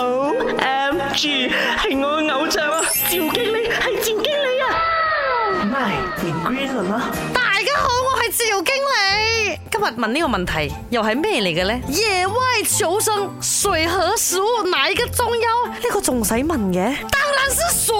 好，M G 係我嘅偶像啊，趙經理係趙經理啊，My Green 啦，大家好，我係趙經理。今日問呢個問題又係咩嚟嘅呢？野外求生，水和食物哪一個重要？呢個仲使問嘅？當然是水。